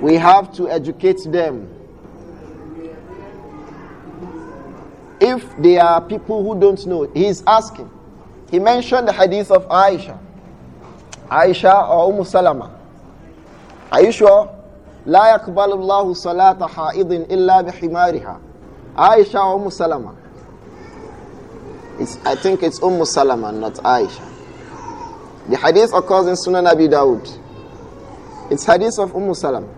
We have to educate them. If they are people who don't know, he's asking. He mentioned the hadith of Aisha. Aisha or Umm Salama. Are you sure? لا يقبل الله صلاة حائض إلا بحمارها Aisha or Umm Salama? It's, I think it's Umm Salama, not Aisha. The hadith occurs in Sunan Abi Dawud. It's hadith of Umm Salama.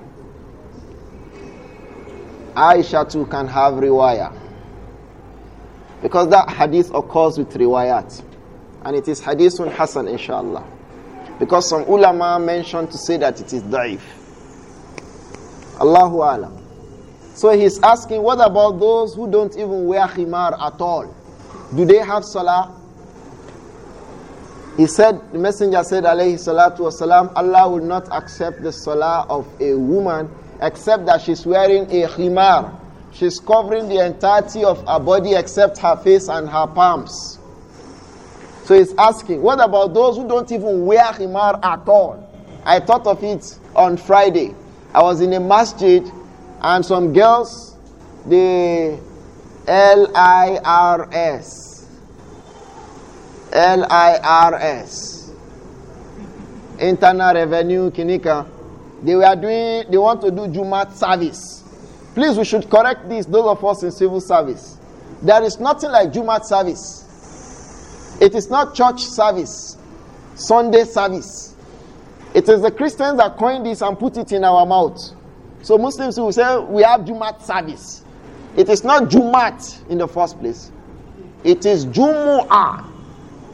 Aisha too can have riwayah. Because that hadith occurs with riwayat. And it is hadithun hasan, inshallah. Because some ulama mentioned to say that it is da'if. Allahu alam. So he's asking, what about those who don't even wear khimar at all? Do they have salah? He said, the messenger said, alayhi salatu wasalam, Allah will not accept the salah of a woman except that she's wearing a khimar. She's covering the entirety of her body except her face and her palms. So he's asking, what about those who don't even wear khimar at all? I thought of it on Friday. I was in a masjid and some girls, they L I R S. L I R S. Internal Revenue Kinika. They were doing, they want to do Jumat service. Please, we should correct this, those of us in civil service. There is nothing like Jumat service. It is not church service, Sunday service. It is the Christians that coined this and put it in our mouth. So Muslims will say we have Jumat service. It is not Jumat in the first place. It is Jumu'ah.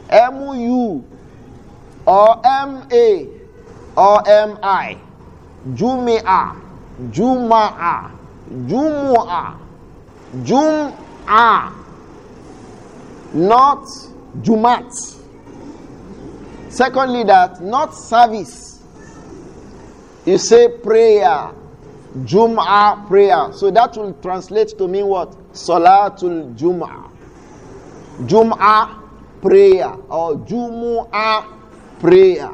M-U or M-A or M-I. Jumia, Juma'ah, Jumu'ah, Jum'ah, not Jumat. Secondly, that not service. You say prayer, Jum'ah prayer. So that will translate to mean what? Salatul Jum'ah. Jum'ah prayer or Jumu'ah prayer.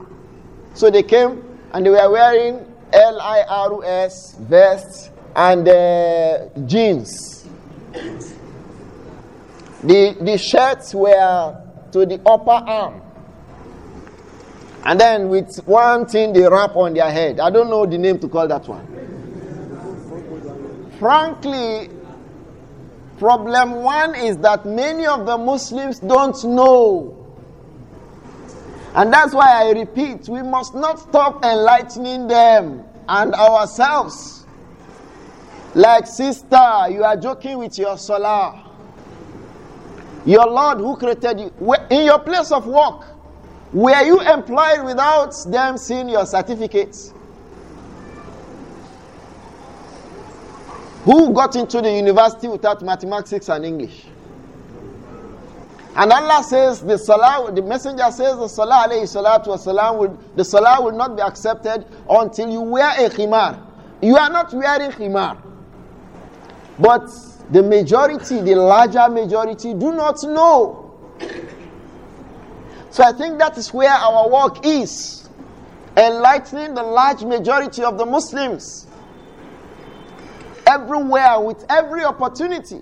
So they came and they were wearing L-I-R-U-S, vest, and uh, jeans. The, the shirts were to the upper arm. And then with one thing they wrap on their head. I don't know the name to call that one. Frankly, problem one is that many of the Muslims don't know and that's why I repeat, we must not stop enlightening them and ourselves. Like, sister, you are joking with your salah. Your Lord who created you, in your place of work, were you employed without them seeing your certificates? Who got into the university without mathematics and English? And Allah says the salah, the messenger says the salah alayhi salatu wasalam will, the salah will not be accepted until you wear a khimar. You are not wearing khimar. But the majority, the larger majority, do not know. So I think that is where our work is enlightening the large majority of the Muslims everywhere with every opportunity.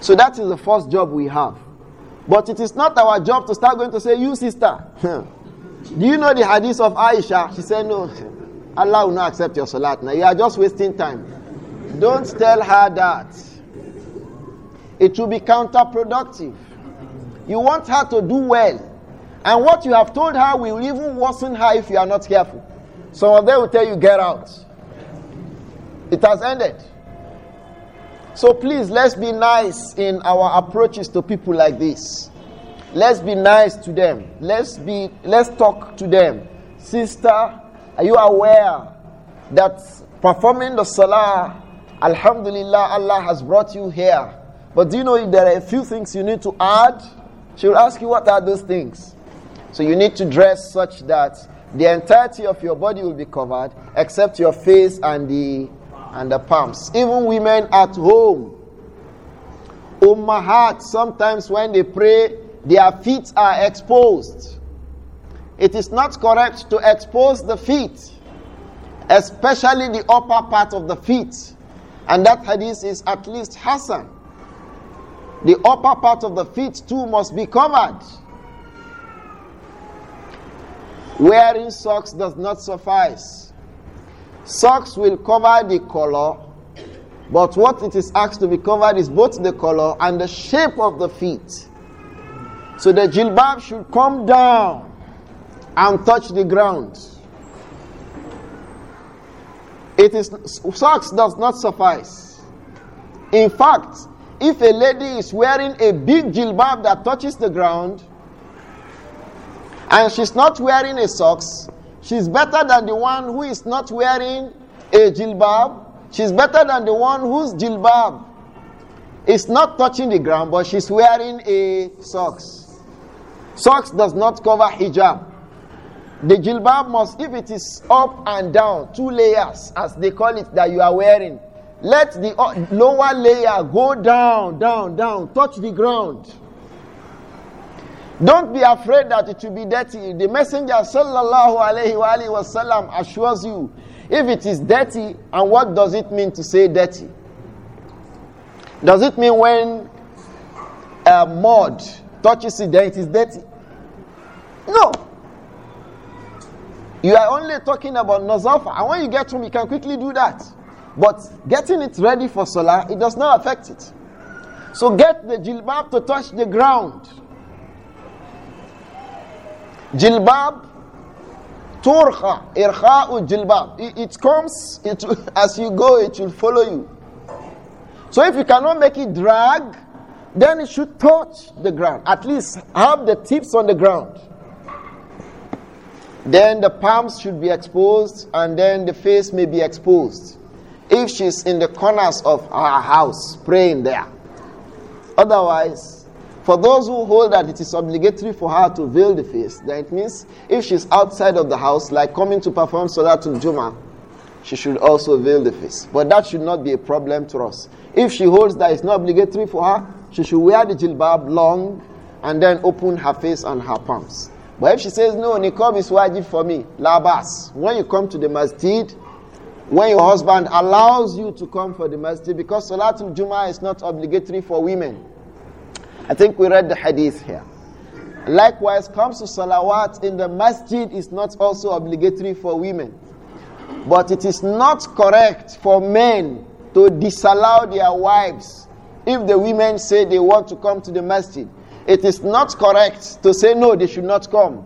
So that is the first job we have. But it is not our job to start going to say, You sister, do you know the hadith of Aisha? She said, No, Allah will not accept your salat. Now you are just wasting time. Don't tell her that. It will be counterproductive. You want her to do well. And what you have told her will even worsen her if you are not careful. Some of them will tell you, Get out. It has ended. So please, let's be nice in our approaches to people like this. Let's be nice to them. Let's be let's talk to them. Sister, are you aware that performing the salah, alhamdulillah, Allah has brought you here. But do you know if there are a few things you need to add? She will ask you what are those things. So you need to dress such that the entirety of your body will be covered except your face and the and the palms. Even women at home. Ummahat, sometimes when they pray, their feet are exposed. It is not correct to expose the feet, especially the upper part of the feet. And that hadith is at least Hassan. The upper part of the feet too must be covered. Wearing socks does not suffice Socks will cover the color, but what it is asked to be covered is both the color and the shape of the feet. So the jilbab should come down and touch the ground. It is socks does not suffice. In fact, if a lady is wearing a big jilbab that touches the ground and she's not wearing a socks, She's better than the one who is not wearing a jilbab. She's better than the one whose jilbab is not touching the ground, but she's wearing a socks. Socks does not cover hijab. The jilbab must, if it is up and down, two layers, as they call it, that you are wearing, let the lower layer go down, down, down, touch the ground. Don't be afraid that it will be dirty. The Messenger sallallahu alayhi wasallam assures you if it is dirty, and what does it mean to say dirty? Does it mean when a uh, mud touches it, then it is dirty? No. You are only talking about nazafa. And when you get home, you can quickly do that. But getting it ready for salah, it does not affect it. So get the jilbab to touch the ground. Jilbab, turqa, irqa'u jilbab. It, it comes, it, as you go, it will follow you. So if you cannot make it drag, then it should touch the ground. At least have the tips on the ground. Then the palms should be exposed, and then the face may be exposed. If she's in the corners of her house, praying there. Otherwise, for those who hold that it is obligatory for her to veil the face, then it means if she's outside of the house, like coming to perform Salatul Jummah, she should also veil the face. But that should not be a problem to us. If she holds that it's not obligatory for her, she should wear the jilbab long and then open her face and her palms. But if she says, no, niqab is wajib for me, labas. When you come to the masjid, when your husband allows you to come for the masjid, because Salatul Jummah is not obligatory for women. I think we read the hadith here. Likewise, comes to salawat in the masjid is not also obligatory for women. But it is not correct for men to disallow their wives if the women say they want to come to the masjid. It is not correct to say no, they should not come.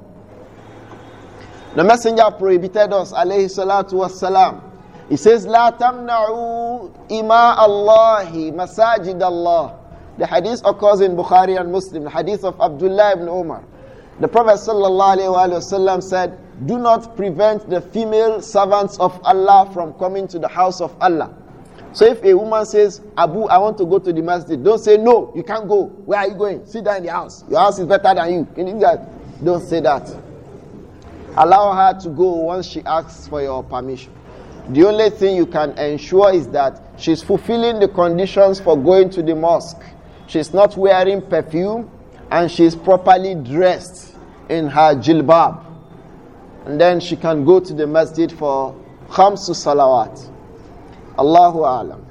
The messenger prohibited us, alayhi salatu wasalam. He says, La tamna'u ima Allahi masajid Allah. The hadith occurs in Bukhari and Muslim, the hadith of Abdullah ibn Umar. The Prophet ﷺ said, Do not prevent the female servants of Allah from coming to the house of Allah. So if a woman says, Abu, I want to go to the masjid, don't say, No, you can't go. Where are you going? Sit down in the house. Your house is better than you. Can you do that? Don't say that. Allow her to go once she asks for your permission. The only thing you can ensure is that she's fulfilling the conditions for going to the mosque she's not wearing perfume, and she's properly dressed in her jilbab. And then she can go to the masjid for khamsu salawat. Allahu alam.